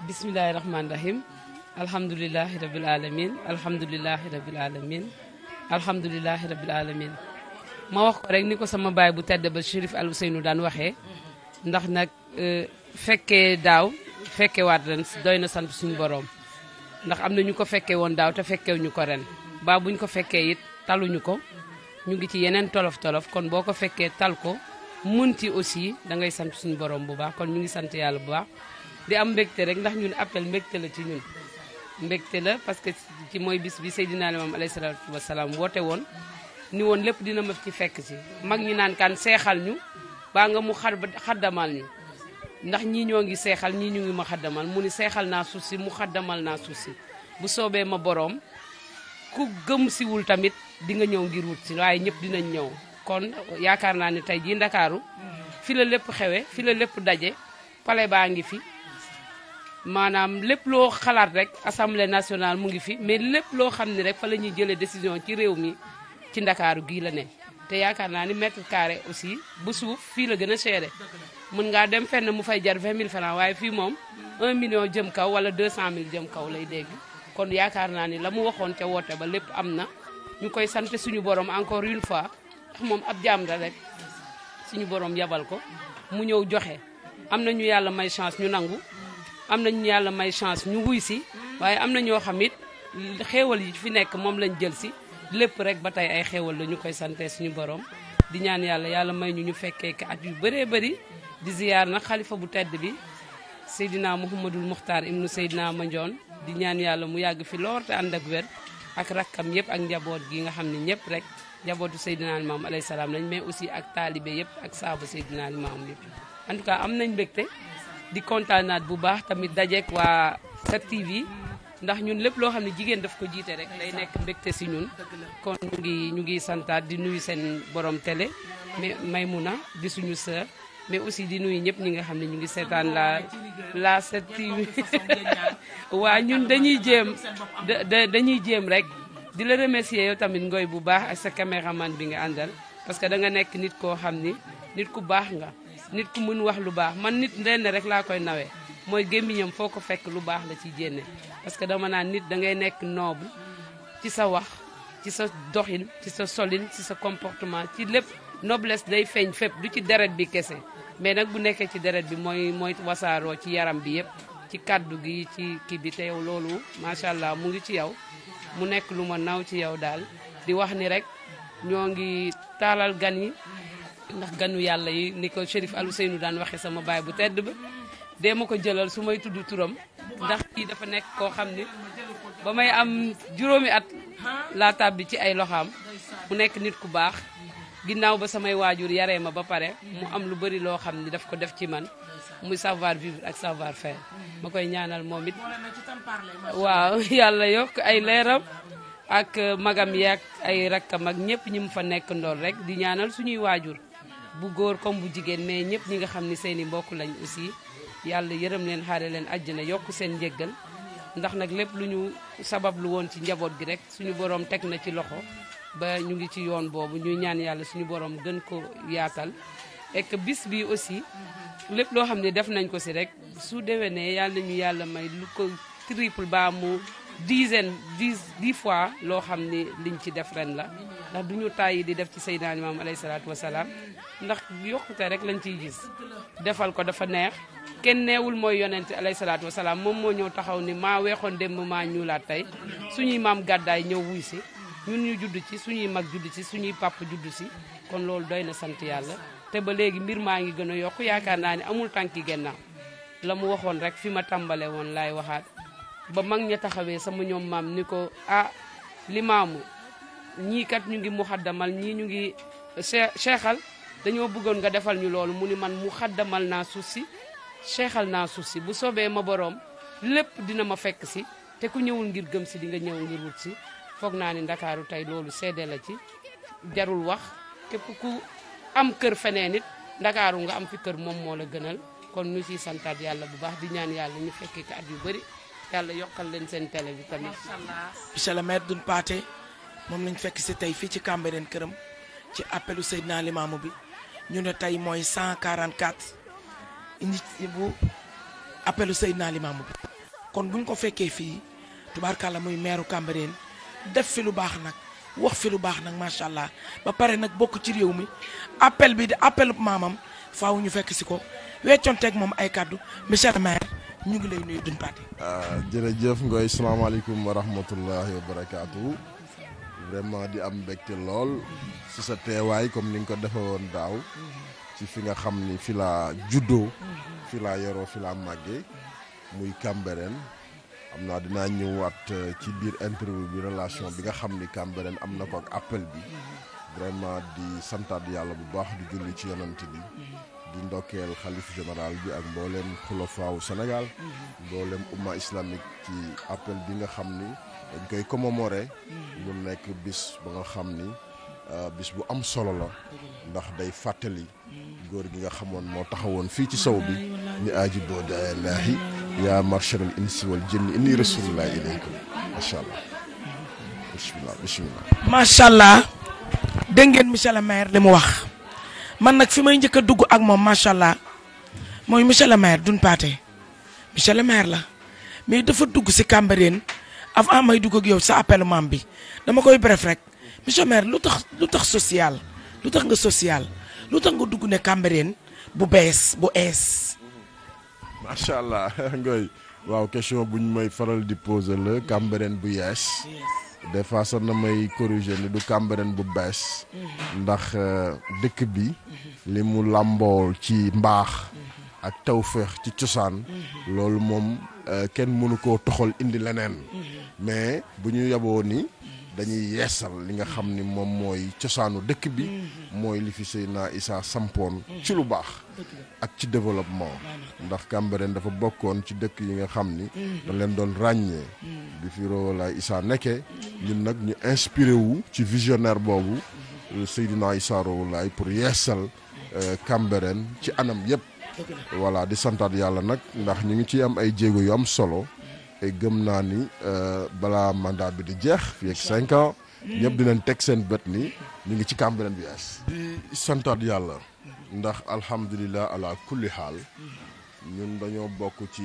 bismillaahi rahmaani rahiim alhamdulillaahi rabbil aalamiin alhamdulillaahi rabbil aalamiin alhamdulillaahi rabbil ma wax ko rek ni ko sama baay bu tedd ba Chérif Al Ousseynou daan waxee ndax nag euh, fekkee daaw fekke waat ren doy na sant suñu boroom ndax am na ñu ko fekkee woon daaw te ñu ko ren baa bu ñu ko fekkee it taluñu ko ñu ngi ci yeneen tolof tolof kon boo ko fekkee tal ko mun ci aussi da ngay sant suñu borom bu baax kon ñu ngi sant yàlla bu baax di am mbégte rek ndax ñun appel mbégte la ci ñun mbégte la parce que ci mooy bis bi Seydina Limamou alayhi salaatu wasalaam woote woon ni woon lépp dina ma ci fekk si mag ñi naan kan seexal ñu baa nga mu xar xaddamal ñu ndax ñii ñoo ngi seexal ñii ñu ngi ma xaddamal mu ni seexal naa suuf si mu xaddamal naa suuf si bu soobee ma boroom ku gëm siwul tamit di nga ñëw ngir wut si waaye ñëpp dinañ ñëw kon yaakaar naa ni tey jii ndakaaru fi la lépp xewe fi la lépp daje pale baa ngi fi maanaam lépp loo xalaat rek assemblée national mu ngi fi mais lépp loo xam ni rek fa la ñuy jëlee décision ci réew mi ci ndakaaru gii la ne te yaakaar naa ni mètre carré aussi bu suuf fii la gën a seere mën ngaa dem fenn mu fay jar 20 000 francs waaye fii moom 1 million jëm kaw wala 200 000 jëm kaw lay dégg kon yaakaar naa ni la mu waxoon ca woote ba lépp am na ñu koy sante suñu boroom encore une fois ndax moom ab jaam la rek suñu boroom yabal ko mu ñëw joxe am na ñu yàlla may chance ñu nangu am na ñu yàlla may chance ñu wuy si waaye am na ñoo xam it xéewal yi fi nekk moom lañ jël si lépp rek ba tey ay xéewal la ñu koy sante suñu borom di ñaan yàlla yàlla may ñu ñu fekkee ki at yu bëree bëri di ziyaar nag xalifa bu tedd bi Seydina Mouhamadul Muxtaar ibnu Seydina Mandione di ñaan yàlla mu yàgg fi loor te ànd ak wér ak rakkam yëpp ak njaboot gi nga xam ne ñëpp rek njabootu Seydina Limaamu alayhi salaam nañ mais aussi ak taalibe yëpp ak saabu Seydina Limaamu yëpp en am nañ mbégte di kontaanaat bu baax tamit dajeek waa 7 ndax ñun lépp loo xam ne jigéen daf ko jiite rek lay nekk mbégte si ñun kon ñu ngi ñu ngi santaat di nuyu seen borom télé mais Maymuna di suñu sœur mais aussi di nuyu ñëpp ñi nga xam ne ñu ngi seetaan la la 7TV waa ñun dañuy jéem dañuy jéem rek di la remercier yow tamit ngoy bu baax ak sa caméraman bi nga àndal parce que da nga nekk nit koo xam ni nit ku baax nga nit ku mën wax lu baax man nit lenn rek laa koy nawee mooy gémmiñam foo ko fekk lu baax la ci jénne parce que dama naan nit dangay nekk noble ci sa wax ci sa doxin ci sa solin ci sa comportement ci lépp nobles day feeñ fépp du ci deret bi kese mais nag bu nekkee ci deret bi mooy mooy wasaaroo ci yaram bi yëpp ci kaddu gi ci kii bi te yow loolu macha allah mu ngi ci yow mu nekk lu ma naw ci yow daal di wax ni rek ñoo ngi taalal gan yi ndax ganu yàlla yi ni ko Chérif Alou Seynou daan waxee sama baay bu tedd ba dee ma ko jëlal su may tudd turam ndax kii dafa nekk koo xam ni ba may am juróomi at laataab bi ci ay loxaam mu nekk nit ku baax ginnaaw ba samay waajur yaree ma ba pare mu am lu bari loo xam ni daf ko def ci man muy savoir vivre ak savoir faire ma koy ñaanal moom it waaw yàlla yokk ay leeram ak magam yaak ay rakkam ak ñëpp ñi mu fa nekk ndool rek di ñaanal suñuy waajur bu góor comme bu jigéen mais ñëpp ñi nga xam ni seeni mbokk lañ aussi yàlla yërëm leen xaare leen àjjana yokk seen njéggal ndax nag lépp lu ñu sabablu woon ci njaboot gi rek suñu borom teg na ci loxo ba ñu ngi ci yoon boobu ñuy ñaan yàlla suñu borom gën ko yaatal et que bis bi aussi lépp loo xam ne def nañ ko si rek su déwénee yàlla ñu yàlla may lu ko triple ba mu dizaine dix dix fois loo xam ne liñ ci def ren la ndax du ñu tàyyi di def ci Seydina Limaamu alayhi salaatu wasalaam ndax yokkute rek lañ ciy gis defal ko dafa neex kenn neewul mooy yonent alayhi salaatu wasalaam moom moo ñëw taxaw ni maa weexoon démb maa ñuulaat tey suñuy maam gàddaay ñëw wuy si ñun ñu judd ci suñuy mag judd ci suñuy pàpp judd si kon loolu doy na sant yàlla te ba léegi mbir maa ngi gën a yokk yaakaar naa ni amul tànki gennaaw la mu waxoon rek fi ma tàmbale woon laay waxaat ba mag ña taxawee sama ñoom maam ni ko ah limaamu ñii kat ñu ngi mu xaddamal ñii ñu ngi seexal eh, dañoo bëggoon nga defal ñu loolu mu ni man mu xaddamal naa suuf si seexal naa suuf si bu soobee ma boroom lépp dina ma fekk si te ku ñëwul ngir gëm si di ñëw ngir wut si foog naa ni ndakaaru tey loolu seede la ci jarul wax képp ku am kër feneen it ndakaaru nga am fi kër moom moo la gënal kon ñu ciy santaat yàlla bu baax di ñaan yàlla ñu fekkee ko at yu bëri yàlla yokkal leen seen télé bi tamit. monsieur le maire Doudou Pathé moom lañ fekk si tey fii ci Cambérène këram ci appelu naa Limamou bi ñu ne tey mooy 144. initiative bu appelu Seydina Limamou bi kon buñ ko fekkee fii tubaarkàlla muy meeru Cambérène def fi lu baax nag wax fi lu baax nag macha allah ba pare nag bokk ci réew mi appel bi di appelu maamam faaw ñu fekk si ko weccoonteeg moom ay kàddu monsieur le maire ñu ngi lay nuyu duñ paate ah, jërëjëf Ngoye salaamaaleykum wa rahmatullahi wa barakaatu vraiment di am mbégte lool si sa teewaay comme ni nga ko defe woon daaw ci fi nga xam ni fi laa juddoo fi laa yoroo fi laa màggee muy Cambérène am na naa dinaa ñëwaat euh, ci biir interview bi relation bi nga xam ni Cambérène am na ko ak appel bi vraiment di santaat yàlla bu baax di julli ci yonent bi di ndokkeel xalif général bi ak mboolem xulafaawu Sénégal mboolem umma islamique ci appel bi nga xam ni dañ koy commémorer mu nekk bis ba nga xam ni euh, bis bu am solo la ndax day fàttali góor gi nga xamoon moo taxawoon fii ci sow bi ni boo daayallahi yaa marshal macha allah bisimilah bisimilah. dégg ngeen monsieur le maire li mu wax man nag fi may njëkk a dugg ak moom macha allah mooy monsieur le maire duñ paate maire la mais dafa dugg si Cambérène avant may dugg ak yow sa appel bi dama koy bref rek monsieur maire lu tax lu tax social lu tax nga social. lu tax nga dugg ne Cambérène bu bees bu ees. macha allah ngoy waaw question bu ñu may faral di poser la Cambérène bu yees. des fois sax na may corriger ni du Cambérène bu bees. Mm-hmm. ndax euh, dëkk bi. Mm-hmm. li mu làmbool ci mbaax. Mm-hmm. ak tawféex ci cosaan. loolu moom euh, kenn mënu ko toxal indi leneen. mais bu ñu yaboo ni dañuy yeesal li nga xam ni moom mooy cosaanu dëkk bi mhm. mooy li fi Seydina Issa sampoon ci lu baax ak ci développement ndax Cambérène dafa bokkoon ci dëkk yi nga xam ni mhm. dañ leen doon ràññee mhm. bi fi Roholaye Issa nekkee ñun nag ñu inspiré wu ci visionnaire boobu na Issa Roholaye pour yeesal euh, Cambérène ci anam yëpp voilà di santaat yàlla nag ndax ñu ngi ci am ay jéego yu am solo gëm naa ni euh, balaa mandat bi di jeex fii ak cinq dinañ teg seen bët ni ñu ngi ci Cambérène bi es di santaat yàlla ndax alhamdulilah ala kulli xaal ñun dañoo bokk ci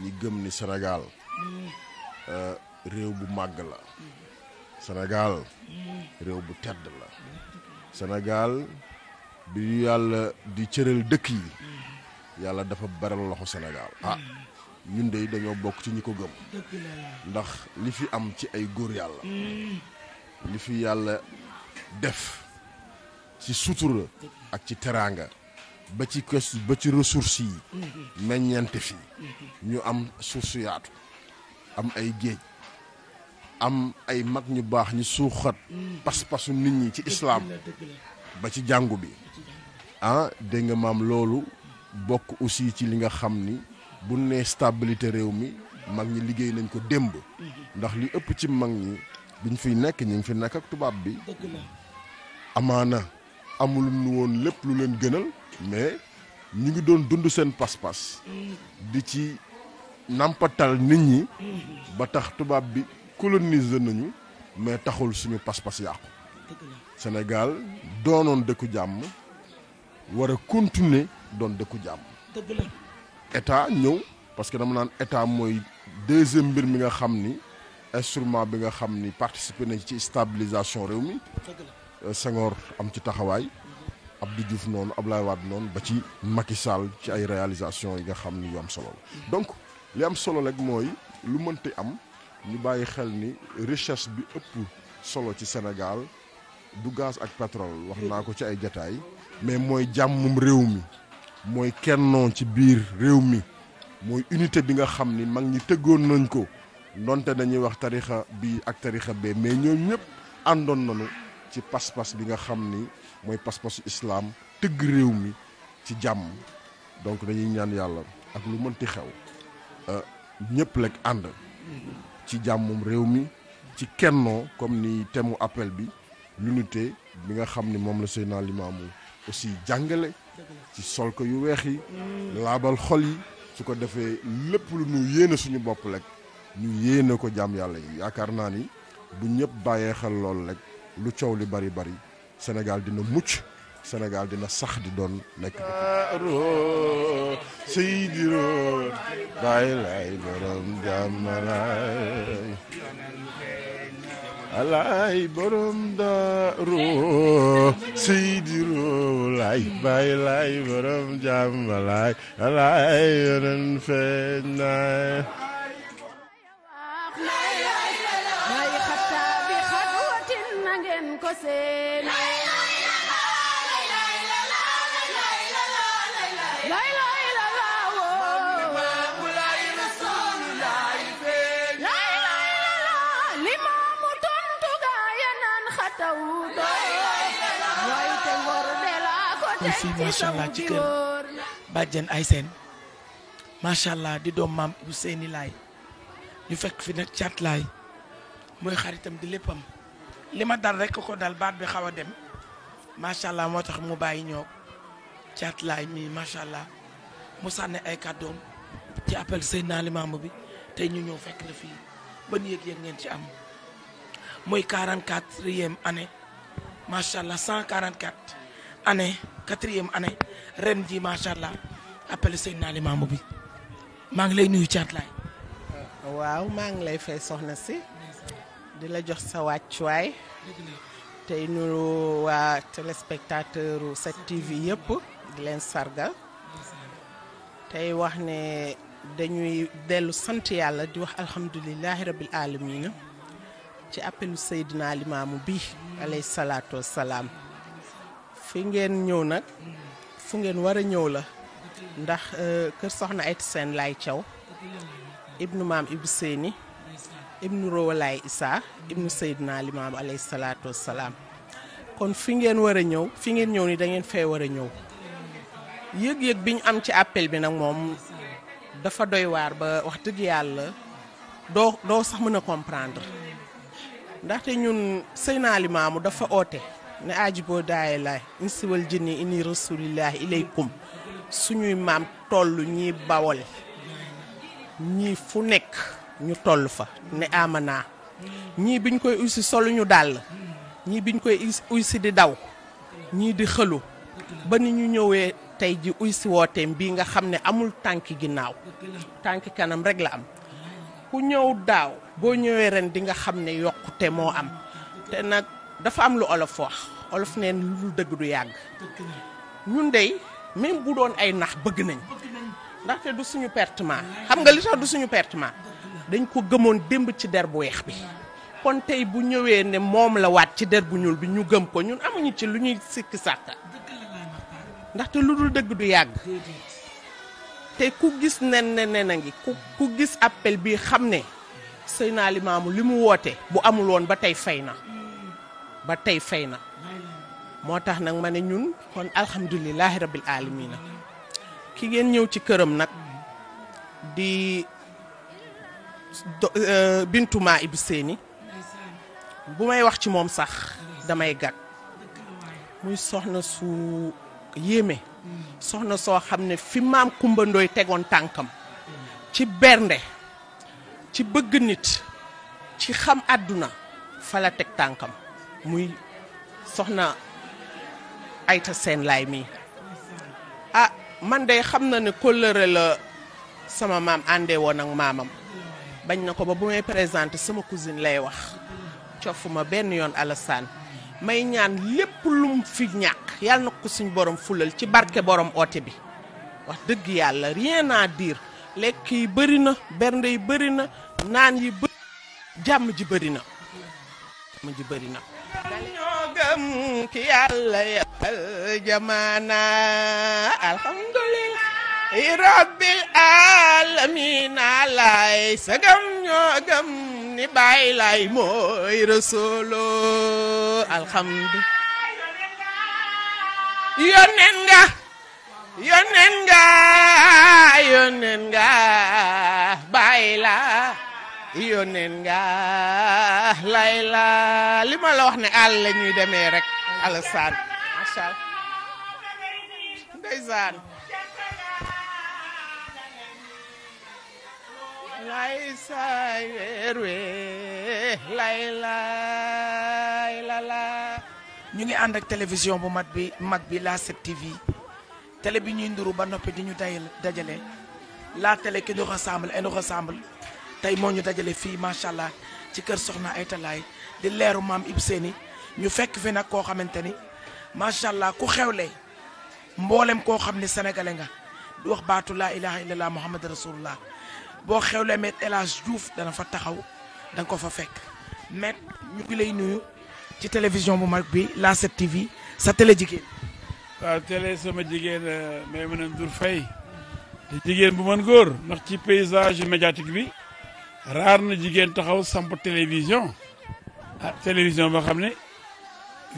ñi gëm ni Sénégal euh, réew bu màgg la senegal réew bu tedd la Sénégal bi yàlla di cëral dëkk yi yàlla dafa baral loxo Sénégal ah, ñun de dañoo bokk ci ñi ko gëm ndax li fi am ci ay góor yàlla hmm. li fi yàlla def ci sutura ak ci teraanga ba ci kes ba ci ressources yi hmm. meññante fii hmm. ñu am suuf am ay géej am ay mag ñu baax ñu suuxat pas-pasu nit ñi ci islaam ba ci jàngu bi ah dégg maam loolu bokk aussi ci li nga xam ni bu nee stabilité réew mi mag ñi liggéey nañ ko démb ndax li ëpp ci mag ñi ñu fiy nekk ñu ngi fi nekk ak tubaab bi amaana amul nu woon lépp lu leen gënal mais ñu ngi doon dund seen pas-pas di ci nampatal nit ñi ba tax tubaab bi coloniser nañu mais taxul suñu pas-pas yàqu Sénégal doonoon dëkku jàmm war a continuer doon dëkku jàmm état ñëw parce que dama naan état mooy deuxième mbir mi nga xam ni instrument bi nga xam ni participer nañ ci stabilisation réew mi euh, Senghor am ci taxawaay Abdou Diouf noonu Abdoulaye Wade noonu ba ci Macky ci ay réalisation yi nga xam ni yu am solo la donc li am solo rek mooy lu mënti am ñu bàyyi xel ni richesse bi ëpp solo ci Sénégal du gaz ak pétrole wax naa ko ci ay jataay mais mooy jàmmum réew mi mooy kennoo ci biir réew mi mooy unité bi nga xam ni mag ñi tëggoon nañ ko ndonte dañuy wax tarixa bi ak tarixa bee mais ñoom ñëpp àndoon nañu ci pas-pas bi nga xam ni mooy pas-pasu islaam tëgg réew mi ci jàmm donc dañuy ñaan yàlla ak lu mënti xew euh, ñëpp lekk ànd ci jàmmum réew mi ci kennoo comme ni thème mu appel bi l'unité bi nga xam ni moom la Seydina Limaamu aussi jàngale ci sol ko yu weex yi laabal xol yi su ko defee lépp lu ñu yéene suñu bopp rek ñu yéene ko jaam yàlla yi yaakaar naa ni bu ñëpp bàyyee xel loolu rek lu coow li bari bari Sénégal dina mucc Sénégal dina sax di doon nekk bàyyi lay alaay borom daaru seydi ru laay baay laay borom jàmm laay alaay yonen feeñ naay xatta bi xatwatin na ngeen ko seen macha allah ci ay seen macha allah di doom maam bu seeni laay ñu fekk fi nag caat muy mooy xaritam di léppam li ma dal rek ko dal baat bi xaw a dem macha allah moo tax mu bàyyi ñoo caat laay mi macha allah mu sànni ay kàddoom ci appel Seydina Limaamu bi te ñu ñëw fekk la fii ban yëg-yëg ngeen ci am mooy 44e année macha allah 144. année quatrième année ren ji macha allah appelé Seydina Limamou bi maa ngi lay nuyu caat laay waaw maa ngi lay fay soxna si di la jox sa wàccuwaay tey nuru waa téléspectateur 7TV yëpp di leen sargal tey wax ne dañuy dellu sant yàlla di wax alhamdulilahi rabil alamina ci appelu Seydina Limamou bi alayhi salaatu wassalaam fi ngeen ñëw nag fu ngeen war a ñëw la ndax euh, kër soxna Aïty Sène Laye Thiaw ibnu maam ibnu Seyni ibnu Rowalaay Isaa ibnu Seydina Limaam alayhi salaatu wassalaam kon fi ngeen war a ñëw fi ngeen ñëw ni dangeen fee war a ñëw yëg-yëg bi ñu am ci appel bi nag moom dafa doy waar ba wax dëgg yàlla doo doo sax mën a comprendre ndaxte ñun Seydina Limaamu dafa oote ne aajiboo daaye laay insiwal jënni ini rasulillah ilaykum suñuy maam toll ñii bawole ñii fu nekk ñu toll fa ne amana ñii biñ koy uysi soluñu dàll ñii biñ koy uysi di daw ñii di xëlu ba ni ñu ñëwee tey ji uysi wooteem bii nga xam ne amul tànki ginnaaw tànki kanam rekk la am ku ñëw daaw boo ñëwee ren di nga xam ne yokkute moo am dafa am lu olof wax olof neen lu dul dëgg du yàgg ñun dey même bu doon ay nax bëgg nañ ndaxte du suñu pertement xam nga li tax du suñu pertement dañ ko gëmoon démb ci der bu weex bi kon tey bu ñëwee ne moom la waat ci der bu ñuul bi ñu gëm ko ñun amuñu ci lu ñuy sikki sàkka ndaxte lu dul dëgg du yàgg te ku gis nen ne nen a ngi ku ku gis appel bi xam ne Seydina Limaamu li mu woote bu amul woon ba tey fay na ba tey fay na moo tax nag ma ne ñun kon alhamdulilahi rabil alamina ki ngeen ñëw ci këram nag di euh, bintumaa ibi seeni bu may wax ci moom sax damay gàtt muy soxna su yéeme soxna soo xam ne fi maam kumbandooy tegoon tànkam ci bernde ci bëgg nit ci xam àdduna fa la teg tànkam muy soxna Aïta Sène mii ah man de xam na ne kóllëre la sama maam àndee woon ak maamam bañ na ko ba bu may présenté sama cousine lay wax cofuma benn yoon Alassane may ñaan lépp lum fi ñàkk yàlla na ko suñ borom fulal ci barke borom oote bi wax dëgg yàlla rien naa dire lekk yi bëri na bernde yi bëri na naan yi bëri jàmm ji bëri na jàmm ji bëri na ñoo gëm ki yàlla yebal jamaana alhamdulillahi rabbil alamin alay sagam ñoo ni baay mooy rasuulu alhamdulillahi yonen nga yonen yónneen nga lay la li ma la wax ne àll la ñuy demee rek alasaan macha allah ndeysaan lay weer wee lay laay ñu ngi ànd ak télévision bu mat bi mag bi laa 7TV télé bi ñuy nduru ba noppi di ñu day dajale la télé qui nous rassemble et nous tey moo ñu dajale fii macha allah ci kër Soxna Aïta Laye di leeru maam Ibou Seni ñu fekk fi nag koo xamante ni macha allah ku xewle mboolem koo xam ni sénégalais nga di wax baatu laa ilaha illallah muhammad la boo xewlee met El Hadj dana fa taxaw danga ko fa fekk met ñu ngi lay nuyu ci télévision bu mag bi la 7TV sa télé jigéen. waaw télé sama jigéen euh, may mën a Ndour Faye di jigéen bu mën góor ndax ci paysage médiatique bi. raar na jigéen taxaw samp télévision a ah, télévision boo xam ne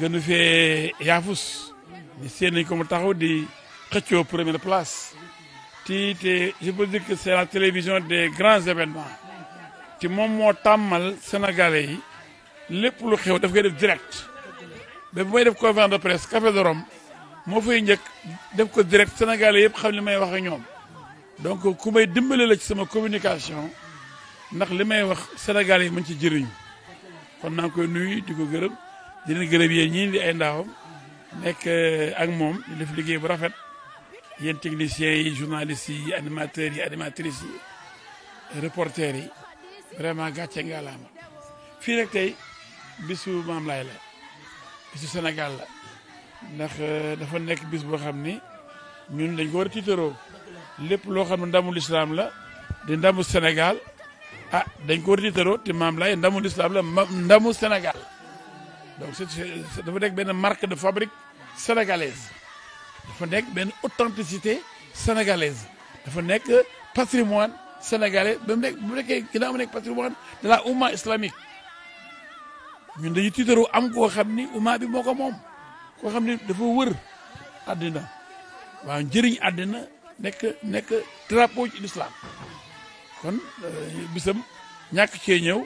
gënu fee yaafus ni seen ko mu taxaw di xëccoo première place ti te je peux dire que c'est la télévision des grands événements ci moom moo tàmmal sénégalais yi lépp lu xew daf koy def direct ba bu may def conférence de presse café de Rome moo fay njëkk def ko direct sénégalais yëpp xam li may wax ak ñoom donc ku may dimbale la ci sama communication ndax li may wax Sénégal yi mu ci jëriñu kon naa ngi koy nuyu di ko gërëm di leen gërëm yéen ñii di ay ndaawam nekk eh, ak moom di def liggéey bu rafet yéen techniciens yi journalistes yi animateurs yi animatrices yi reporters yi vraiment gàcce ngaalaama fii rek tey bisu maam laay la bisu Sénégal la ndax eh, dafa nekk bis boo xam ni ñun dañ ko war a tiitaroo lépp loo xam ne ndamu lislaam la di ndamu Sénégal ah dañ ko tiitaroo te maam lay ndamu lislaam la ndamu Sénégal donc c'est dafa nekk benn marque de fabrique sénégalaise dafa nekk benn authenticité sénégalaise dafa nekk patrimoine sénégalais ba mu nekk bu nekkee ginnaaw mu nekk patrimoine de la umma islamique ñun dañuy tiitaroo am koo xam ni umma bi moo ko moom koo xam ni dafa wër àddina waaw njëriñ àddina nekk nekk drapeau ci l'islam kon eh, bisam ñàkk ci ñëw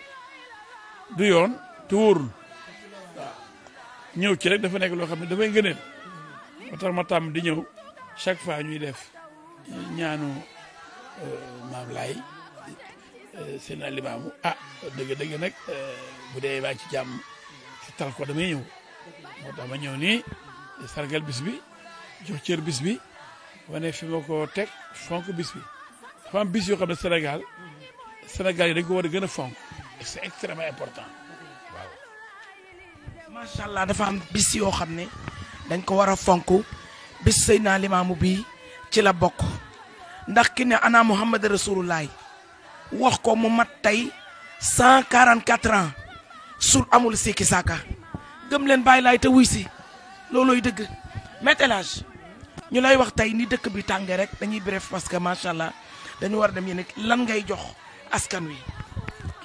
du yoon te wóorul ñëw ci rek dafa nekk loo xam ne dafay gëneel ba ma tàmm di ñëw chaque fois ñuy def ñaanu eh, maam laay eh, seen alimaamu ah dëgg dëgg nag bu dee baa ci jàmm ci tal ko damay ñëw moo tax ma ñëw nii sargal bis jox cër bis wane fi ma ko teg fonk bis dafa am bis yoo xam ne Sénégal Sénégal yi dañ ko war a gën a fonk c' est extrêmement allah dafa am bis yoo xam ne dañ ko war a fonk bis Seydina Limaamu bi ci la bokk ndax ki ne ana Muhammad Rasulullah wax ko mu mat tey cent quarante quatre ans sul amul sikki saaka gëm leen baay laay te wuy si loolooy dëgg Maître El Hadj ñu wax tey ni dëkk bi tàngee rek dañuy bref parce que macha allah. dañu war a dem yéen it lan ngay jox askan wi.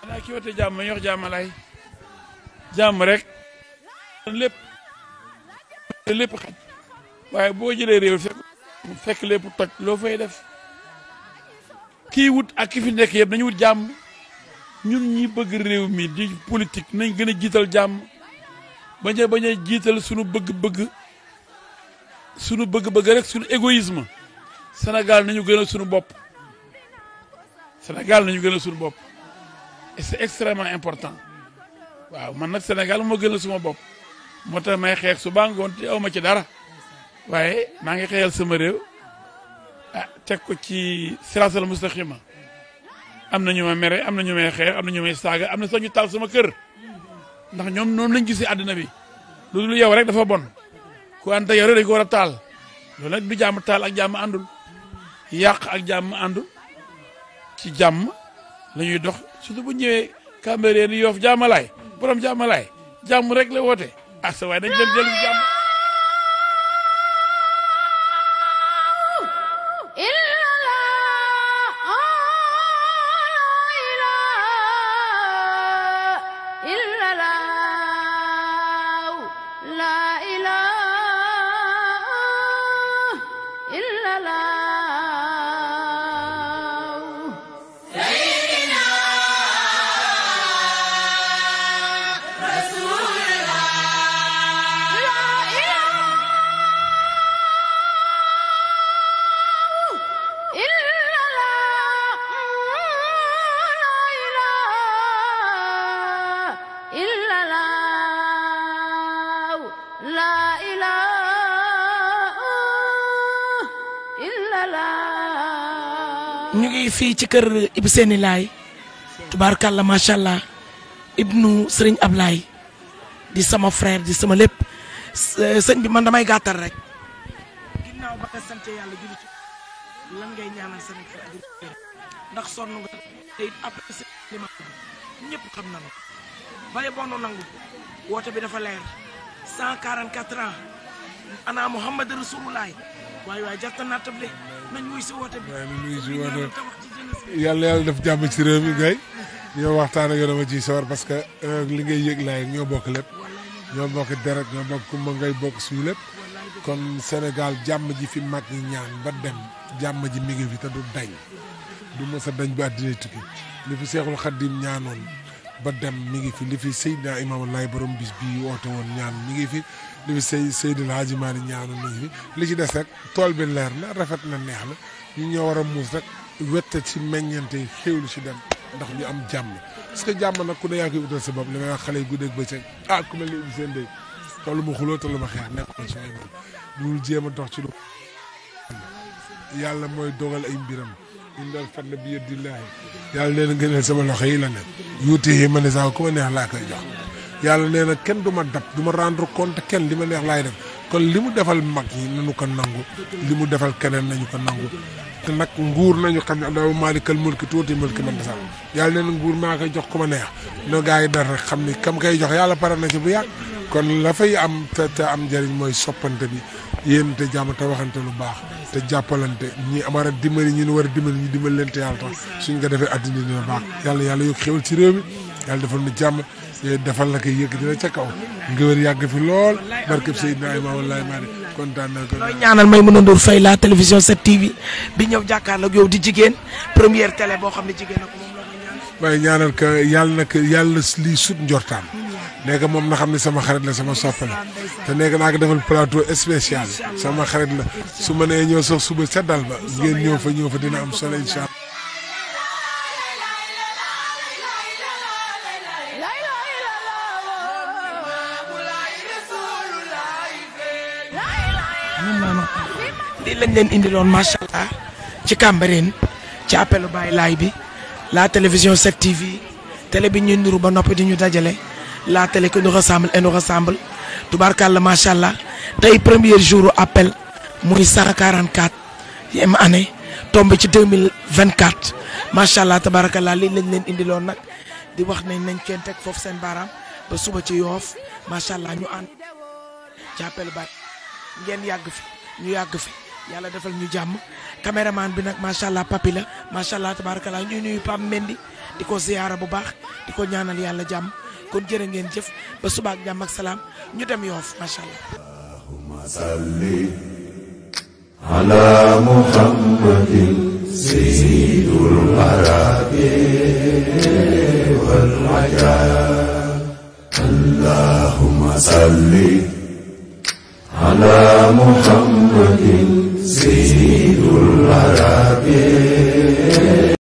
xanaa ki wote jàmm yox jàmm jàmm rek. lépp lépp xaj waaye boo jëlee réew fekk fekk lépp toj loo fay def kii wut ak ki fi nekk yëpp nañu wut jàmm ñun ñi bëgg réew mi di politique nañ gën a jiital jàmm bañ a bañ a jiital sunu bëgg-bëgg sunu bëgg-bëgg rek sunu égoïsme Sénégal nañu gën sunu bopp Sénégal nañu gën a suñu bopp et c'est important waaw man nag Sénégal moo gën suma bopp moo tax may xeex su baa ngoon te aw ma ci dara waaye maa ngi xeexal sama réew ah teg ko ci siraatal mustaqima am na ñu ma mere am na ñu may xeex am na ñu may saaga am na sax ñu taal sama kër ndax ñoom noonu lañ gisee àddina bi lu dul yow rek dafa bon ku ànd ak rek dañ taal loolu nag du jàmm taal ak jàmm àndul yàq ak jàmm àndul. ci jàmm la dox dox surtout bu ñëwee Cambérène Yoff jàmmalaay borom jàmmalaay jàmm rek la woote ak ah, sa waay dañ jël jàmm fii ci kër Ibou Seni Laay tubaarkàlla macha allah ibnu sëriñ Ablaay di sama frère di sama lépp sëñ bi man damay gàttal rek. ginnaaw ba nga sant yàlla julli ci lan ngay ñaanal sëriñ ndax sonn nga te it après sëriñ ñëpp xam na ma baye boo nu nangu woote bi dafa leer 144 ans ana Muhammad Rasulullah waay waay jàpp naa table nañ wuy si woote bi. waaw si woote bi. yàlla yàlla def jàmm ci réew mi ngay ñoo waxtaan a yow dama ciy sawar parce que euh, li ngay yëg laay ñoo bokk lépp ñoo bokk deret ñoo bokk kumba ngay bokk suñu lépp kon Sénégal jàmm ji fi mag ñi ñaan ba dem jàmm ji mi ngi fi te du dañ du mës a dañ ba àddina tukki li fi Seexul ba dem mi ngi fi li fi Seydina Imaam Laay borom bis bii woote woon ñaan mi ngi fi li fi Sey Seydil Hadji Maalik ñaanoon mi ngi fi li ci des rek tool bi leer na rafet na neex na ñu ñoo war a muus rek wette ci meññante yi xéwlu ci dem ndax ñu am jàmm parce que jàmm nag ku ne yaa koy utal sa bopp li may wax xale yi guddeeg bëccëg ah ku mel ni Ibou Sène Ndeye tollu ma xuloo tollu ma xeex nekkoon ci ay mbir ñu jéem a dox ci lu yàlla mooy dogal ay mbiram ñu dal fadla bi yadillaahi yàlla nee na ngeen sama loxo yi la ne yuute yi ma ne sax neex yàlla nee na kenn du ma dab du ma rendre compte kenn li ma neex laay def kon li mu defal mag yi nañu ko nangu li mu defal keneen nañu ko nangu te nag nguur nañu xam ne Allahumma maalikal mulki tuuti mulki man tasaa yàlla neen nguur maa koy jox ku ma neex no gars yi dara rek xam ni kam koy jox yàlla pare na ci mooy soppante bi yéen te jàmm te waxante lu baax te jàppalante ñi amar a dimbali ñi ñu war a dimbali ñu dimbali leen te yàlla tax suñ ko defee addina dina baax yàlla yàlla yokk xéwal ci réew mi yàlla defal nu jàmm defal la koy yëkk dina ca kaw ngëwër yàgg fi lool barkeb Seydina Imaam wallahi maa kontaan na looy ñaanal may mën a Ndour Faye la télévision 7TV bi ñëw jàkkaarloog yow di jigéen première télé boo xam ne jigéen ak moom la ko ñaan. yàlla na ko yàlla lii sut njortaam. Mm, nekk moom na xam ne sama xarit la sama soppe la te nekk naa ko defal plateau spécial sama xarit la su ma nee ñëw sax suba seddal ba ngeen ñëw fa ñëw fa dina am solo incha lii lañ leen indiloon macha allah ci Cambérène ci appelu Baye Laay bi la télévision 7TV télé bi ñuy nuru ba noppi di ñu dajale la télé qui nous rassemble et nous rassemble tubaarkàlla macha allah tey premier jour appel muy 144 yem année tombé ci 2024 macha allah tabaarakallaa lii lañ leen indiloon nag di wax nañ nañ kenn teg foofu seen baaraam ba suba ci yoof macha allah ñu ànd ci appel baat ngeen yàgg fi ñu yàgg fi yàlla defal ñu jàmm caméraman bi nag macha allah papi la macha allah tabaarakalaa ñu nuyu Pape Mendy di ko ziyaara bu baax di ko ñaanal yàlla jàmm kon jërë ngeen jëf ba suba jàmm ak salaam ñu dem yoof macha allah. muhammadin sayyidul arabi wal ajab سيد الورى